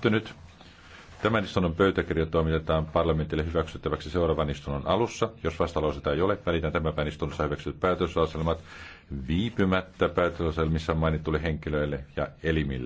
päättynyt. Tämän istunnon pöytäkirja toimitetaan parlamentille hyväksyttäväksi seuraavan istunnon alussa. Jos vastalauseita ei ole, välitän tämän päivän istunnossa hyväksytyt päätöslauselmat viipymättä päätöslauselmissa mainittuille henkilöille ja elimille.